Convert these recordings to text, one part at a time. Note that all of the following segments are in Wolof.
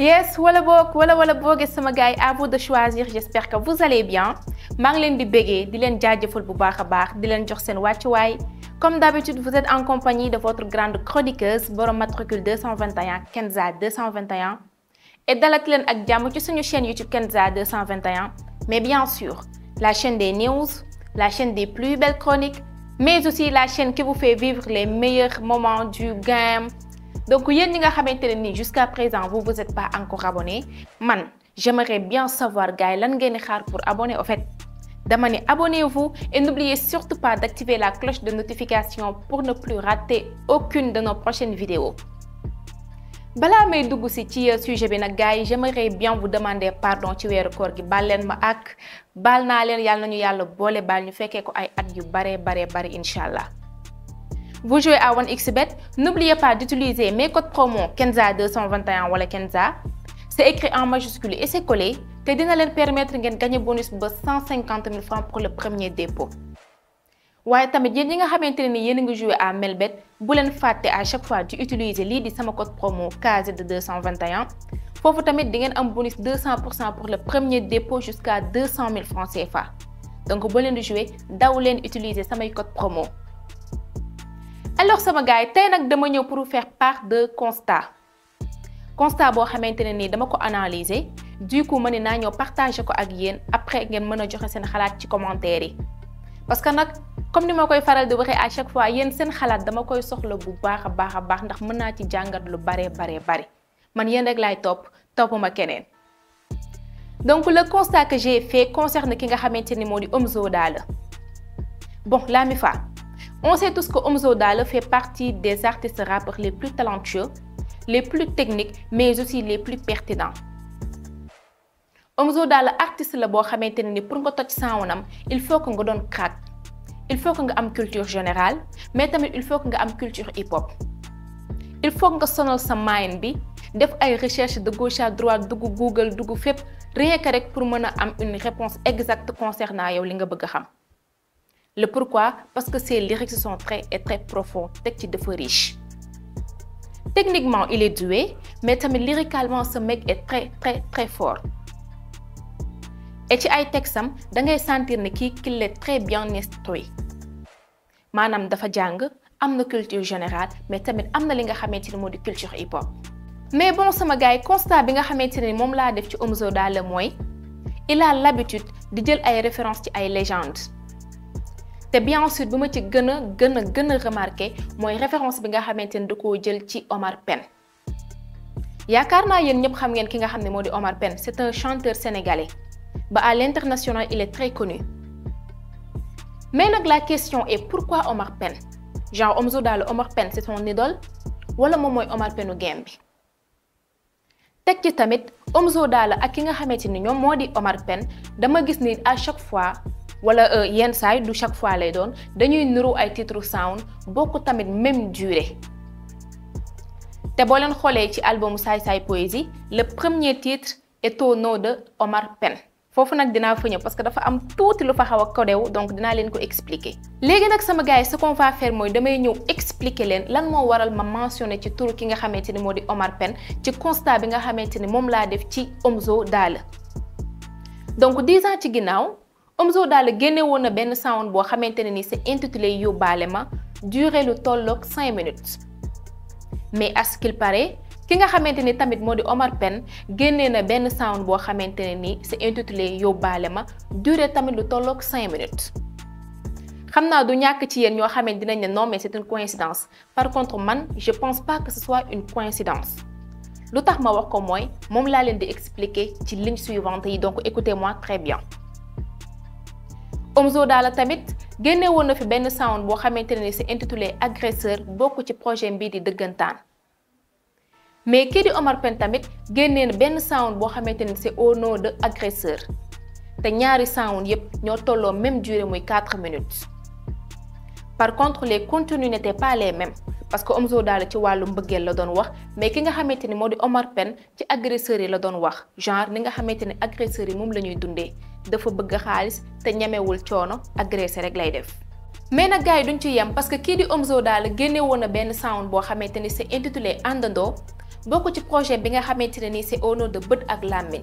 yes voilà bok, voilà voilà à vous de choisir j'espère que vous allez bien Je vous di bégee di leen Dylan bu baax comme d'habitude vous êtes en compagnie de votre grande chroniqueuse borom 221 Kenza 221 et la leen ak jàmm ci suñu chaîne YouTube Kenza 221 mais bien sûr la chaîne des news la chaîne des plus belles chroniques mais aussi la chaîne qui vous fait vivre les meilleurs moments du game donc yéen ñi nga xamante jusqu'à présent vous vous êtes pas encore abonné man j'aimerais bien savoir gars yi lan xaar pour abonner au fait dama ni abonnez-vous et n'oubliez surtout pas d'activer la cloche de notification pour ne plus rater aucune de nos prochaines vidéos balaa may dugg si ci euh, sujet bi j'aimerais bien vous demander pardon ci weeru koor gi balen ma ak baal naa leen yàlla nañu yàlla boole ñu ko ay at yu baré baré bare vous jouez à 1xBet, n'oubliez pas d'utiliser mes codes promo KENZA221 ou KENZA. C'est écrit en majuscule et c'est collé. te dina leen permettre gagner un bonus de 150 000 francs pour le premier dépôt Si tamit vous ñi nga à Melbet vous pouvez faire à chaque fois d'utiliser utiliser lii di code promo KZ221 Pour tamit di un bonus de 200% pour le premier dépôt jusqu'à 200 000 francs CFA donc si vous de jouer, daw utiliser samay code promo alors sama gars tay nak nag dama ñëw pour faire part de constat constat bo xamante ni dama ko analyser du coup ma ne ñëw partager ko ak yéen après ngeen mën joxe seen xalaat ci commentaire yi parce que nak comme ni ma koy faral de waxe à chaque fois yéen seen xalaat dama koy soxla bu baaxa baaxa baax ndax mën ci jangat lu bare bare bare. man yéen rek lay top, topuma keneen donc le constat que j'ai fait concerne ki nga xamante modi moo di Omzo Dollar bon mi fa. On sait tous que Omzo fait partie des artistes rappeurs les plus talentueux, les plus techniques, mais aussi les plus pertinents. Omzo artiste le a xamante que pour nga il faut que nga doon crack il faut que nga une culture générale mais aussi il faut que culture hip hop. il faut nga sonal sa mind bi def des recherches de gauche à droite de Google de FIP, rien que pour une réponse exacte concernant ce que nga bëgg le pourquoi Parce que ses lyrics sont très et très profonds, texte de feu riche. Techniquement, il est doué, mais lyricalement, ce mec est très très très fort. Et ci ay texam da ngay sentir ne qu'il est très bien instruit Manam dafa jang, am culture générale mais tamit am na li nga xamé culture hip hop. mais bon sama gars est constat bi nga xamante ni mom la def ci Omzo dal moy il a l'habitude de jël ay références ci ay légendes. Et bien ensuite bi ci gën référence que nga avez Omar Penn. Omar c'est un chanteur sénégalais ba à l'international il est très connu mais la question est pourquoi Omar Penn genre Omzo Omar Penn c'est son idole wala Omar Penn game ci tamit Omzo ak ki nga Omar Penn dama gis ni à chaque fois wala euh, yenn saay du chaque fois lay doon dañuy nuru ay titre sound bokk tamit même durée te boo leen xoolee ci album Saay Saay Poésie le premier titre est au nom de Omar Pène foofu nag dinaa fa parce que dafa am tuuti lu fa xaw a kodew donc dinaa leen ko expliquer. léegi nag sama gars yi ce qu'on va faire mooy damay ñëw expliquer leen lan moo waral ma mentionné ci tur ki nga xamante ni moo di Omar Pène ci constat bi nga xamante ni moom laa def ci Omzo Dollar donc 10 ans ci ginnaaw. Omzo Dollar génne woon na benn sound bo xamante ni c'est intitulé yóbbaale ma durée lu tolloog 5 minutes mais à ce qu'il paraît ki nga xamante tamit modi Omar Pène génnee na ben sound bo xamante ni c'est intitulé yóbbaale ma durée tamit le tolloog 5 minutes. Xamna du ñak ci yeen ño xamé dinañ non mais c'est une coïncidence par contre man je pense pas que ce soit une coïncidence lu tax ma wax ko moy mom la leen di expliquer ci ligne suivante yi donc écoutez-moi très bien. Omzo Dollar tamit génne woon na fi benn sound boo xamante ne si intitulé agresseur bokk ci projet mbii di dëggantaan mais kii di Omar Pène tamit génnee na benn sound boo xamante ne c'est au nom de agresseur te ñaari sound yépp ñoo tolloo même durée muy 4 minutes par contre les contenus n'étaient pas les mêmes parce que Omzo Dollar ci wàllu mbëggeel la doon wax mais ki nga xamante ni moo di Omar Pène ci agresseurs yi la doon wax genre ni nga xamante ni agresseurs yi moom la ñuy dundee dafa bëgg xaalis te ñemewul coono agressé rek lay def. mais nag gars yi duñ ci yem parce que kii di Omzo daal génne woon na benn sound boo xamante ni c'est intitulé àndandoo bokk ci projet bi nga xamante ne nii c'est au nom de bët ak làmmiñ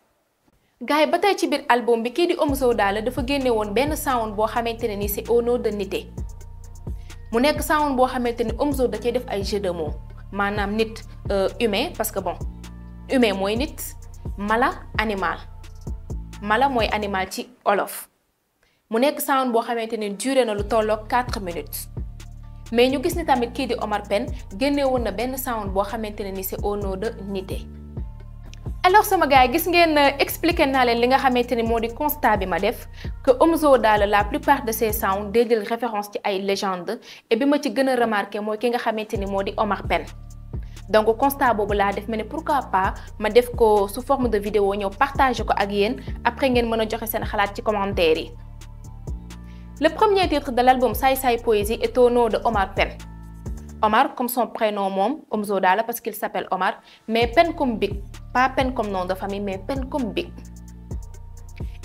gars ba ci album bi kii di fait dafa sound au nom de nité mu nekk sound boo jeu de mots nit euh, humain parce que bon humain mooy nit mala animal mala mooy animal ci olof mu nekk sound boo xamante qui duré 4 minutes mais ñu gis ni tamit di Omar qui génne sound boo de nité alors sama gars gis ngeen que na len li nga constat que la plupart de ses sons référence ci ay et ci remarqué ki Omar PEN donc constat bobu la def pourquoi pas ma sous forme de vidéo partager ko ak après ngeen le premier titre de l'album Saï Saï Poésie est au nom de Omar Omar comme son prénom parce qu'il s'appelle Omar mais Penn comme BIC pas peine comme nom de famille mais peine comme big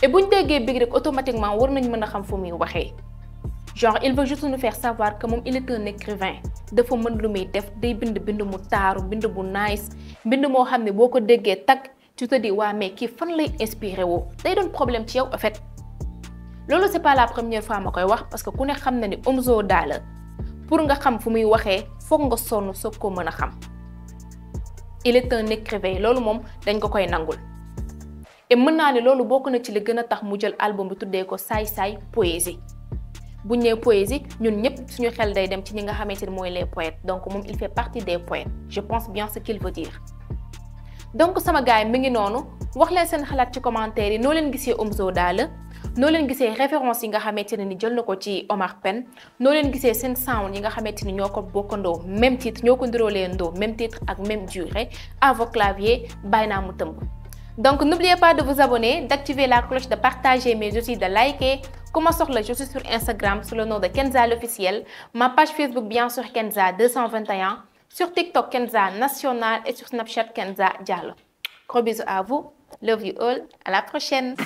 et buñ déggé big rek automatiquement war nañ mëna xam fu muy waxé genre il veut juste nous faire savoir que mom il est un écrivain dafa mën lu muy def day bind bind mu taru bind bu nice bind mo xamné boko déggé ko tag tu te dis wa mais ki fan lay inspiré wo day doon problème ci yow en fait lolu c'est pas la première fois ma koy wax parce que ku ne xam na ni Omzo Dollar pour nga xam fu muy waxé foog nga sonn soog mëna xam il est un écrivain loolu mom, dañ ko koy nangul et mën naa ne loolu bokk na ci tax mu jël album bi tuddee ko say poésie bu poésie ñun ñëpp suñu xel day dem ci ñi nga xamante ni mooy les poètes donc mom il fait partie des poètes je pense bien ce qu'il veut dire. donc sama gars yi mi ngi noonu wax leen seen xalaat ci commentaire yi noo leen gisee Omzo no référence yi nga Omar sound yi nga même titre même durée à claviers donc n'oubliez pas de vous abonner d'activer la cloche de partager mais aussi de liker ku ma je suis sur Instagram sous le nom de Kenza officiel ma page Facebook bien sûr Kenza 221 sur TikTok Kenza national et sur Snapchat Kenza Diallo gros bisous à vous love you all à la prochaine